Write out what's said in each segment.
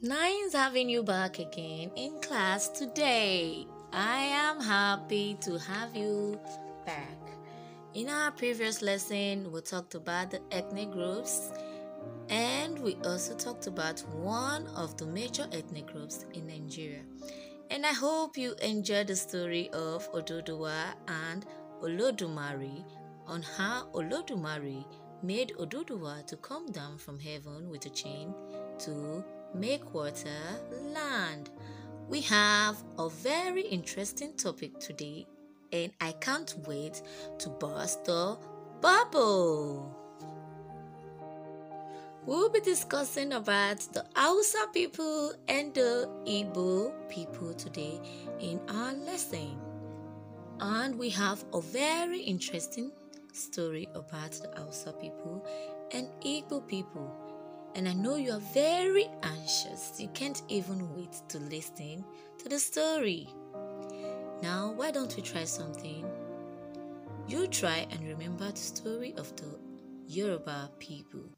Nice having you back again in class today. I am happy to have you back. In our previous lesson, we talked about the ethnic groups and we also talked about one of the major ethnic groups in Nigeria. And I hope you enjoyed the story of Ododowa and Olodumare, on how Olodumare made Oduduwa to come down from heaven with a chain to make water land. We have a very interesting topic today, and I can't wait to burst the bubble. We'll be discussing about the Hausa people and the Igbo people today in our lesson. And we have a very interesting story about the Hausa people and Igbo people. And I know you are very anxious. You can't even wait to listen to the story. Now, why don't we try something? You try and remember the story of the Yoruba people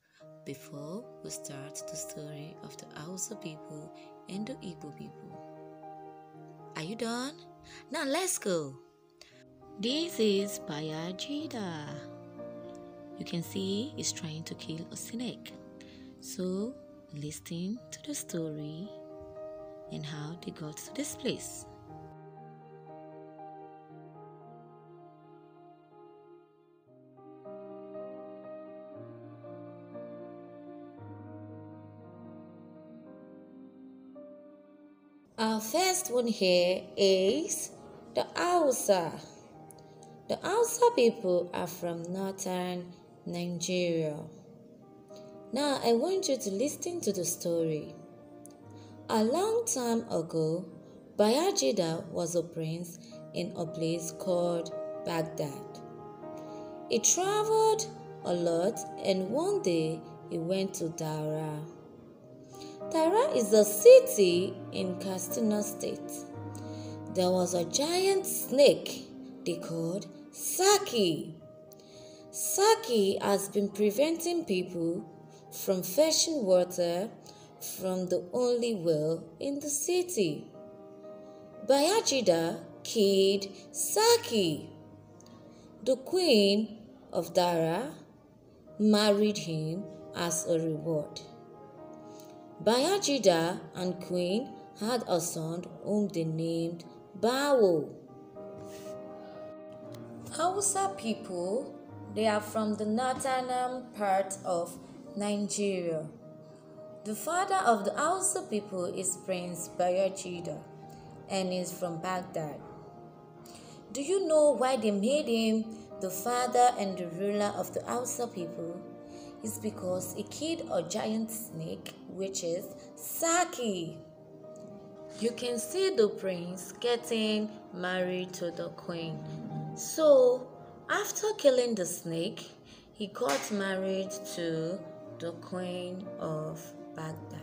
before we start the story of the Hausa people and the Igbo people. Are you done? Now let's go. This is Bayajida. You can see he's trying to kill a snake. So, listen to the story and how they got to this place. Our first one here is the Ausa. The Hausa people are from northern Nigeria. Now I want you to listen to the story. A long time ago, Bayajida was a prince in a place called Baghdad. He traveled a lot and one day he went to Dara. Dara is a city in Kastina state. There was a giant snake called Saki. Saki has been preventing people from fetching water from the only well in the city. Bayajida killed Saki. The queen of Dara married him as a reward. Bayajida and queen had a son whom they named Bawo. Hausa people, they are from the northern part of Nigeria. The father of the Hausa people is Prince Bayajida and is from Baghdad. Do you know why they made him the father and the ruler of the Hausa people? It's because he killed a giant snake, which is Saki. You can see the prince getting married to the queen so, after killing the snake, he got married to the queen of Baghdad.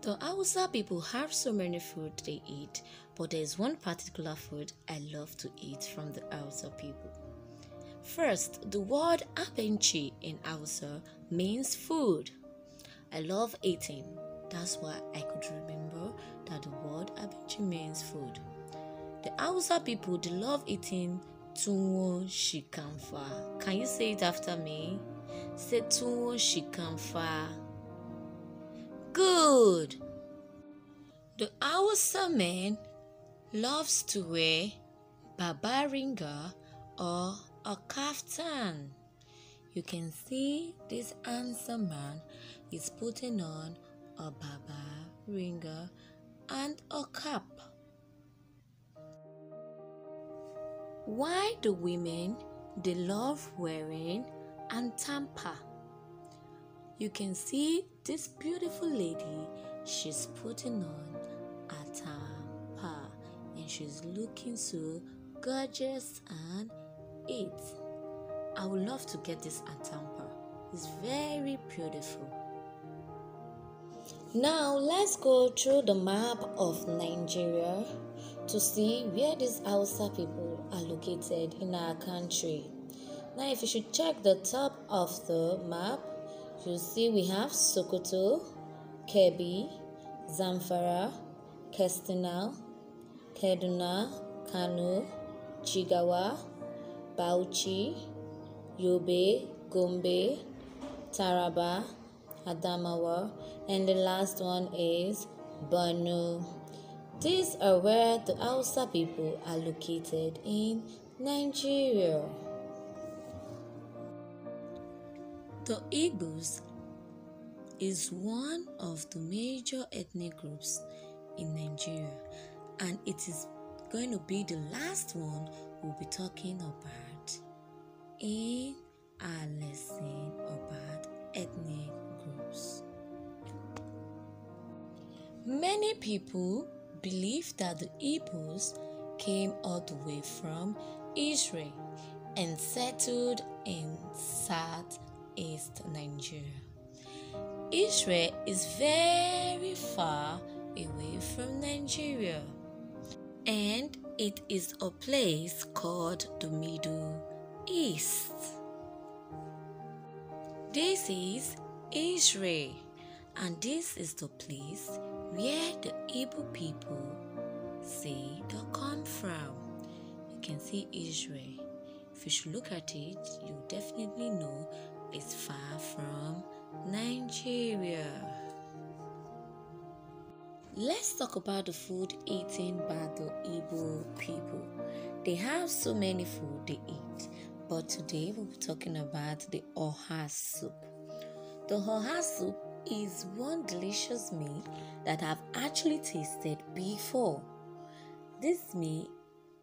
The Hausa people have so many food they eat, but there is one particular food I love to eat from the Hausa people. First, the word abenchi in Hausa means food. I love eating that's why I could remember that the word abichi means food. The Hausa people they love eating tuwo shikamfa. Can you say it after me? Say tuwo shikamfa. Good. The Hausa man loves to wear babaringa or a kaftan. You can see this handsome man is putting on a baba, ringer, and a cap. Why do women they love wearing and tamper? You can see this beautiful lady, she's putting on a tamper and she's looking so gorgeous and it. I would love to get this a tamper. It's very beautiful. Now let's go through the map of Nigeria to see where these Hausa people are located in our country. Now if you should check the top of the map, you'll see we have Sokoto, Kebi, Zamfara, Kestina, Kaduna, Kano, Chigawa, Bauchi, Yobe, Gombe, Taraba, Adamawa, and the last one is Borno. These are where the Hausa people are located in Nigeria. The Igbos is one of the major ethnic groups in Nigeria, and it is going to be the last one we'll be talking about in our lesson about ethnic Many people believe that the Igbos came all the way from Israel and settled in southeast Nigeria. Israel is very far away from Nigeria and it is a place called the Middle East. This is Israel, and this is the place where the Igbo people say they come from. You can see Israel. If you should look at it, you definitely know it's far from Nigeria. Let's talk about the food eaten by the Igbo people. They have so many food they eat, but today we'll be talking about the oha soup. The hoha soup is one delicious meal that I've actually tasted before. This meal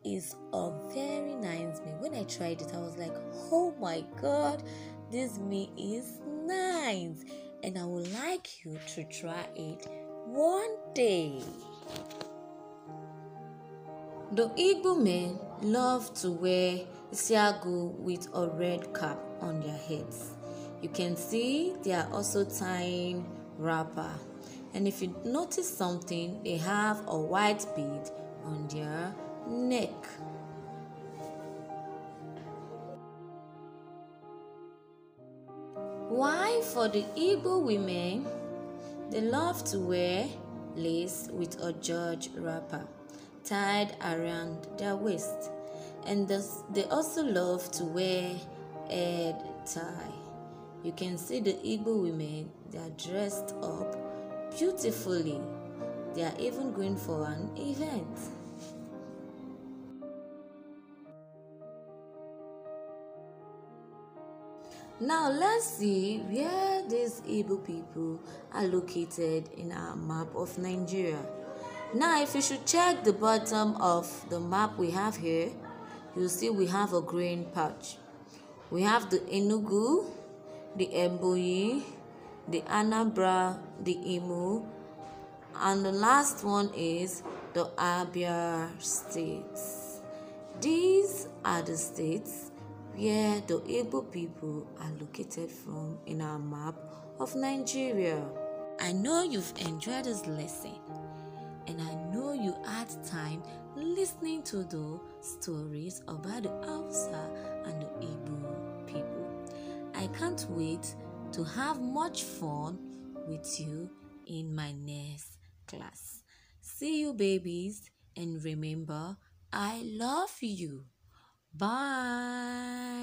is a very nice meal. When I tried it, I was like, oh my god, this meal is nice, and I would like you to try it one day. The Igbo men love to wear siago with a red cap on their heads. You can see they are also tying wrapper. And if you notice something, they have a white bead on their neck. Why for the Igbo women, they love to wear lace with a George wrapper tied around their waist. And they also love to wear a tie. You can see the Igbo women, they are dressed up beautifully. They are even going for an event. Now let's see where these Igbo people are located in our map of Nigeria. Now if you should check the bottom of the map we have here, you'll see we have a green patch. We have the Enugu, the Ebonyi, the Anambra, the Imu, and the last one is the Abia states. These are the states where the Igbo people are located from in our map of Nigeria. I know you've enjoyed this lesson and I know you had time listening to the stories about the Hausa and the Igbo I can't wait to have much fun with you in my next class. See you, babies, and remember, I love you. Bye.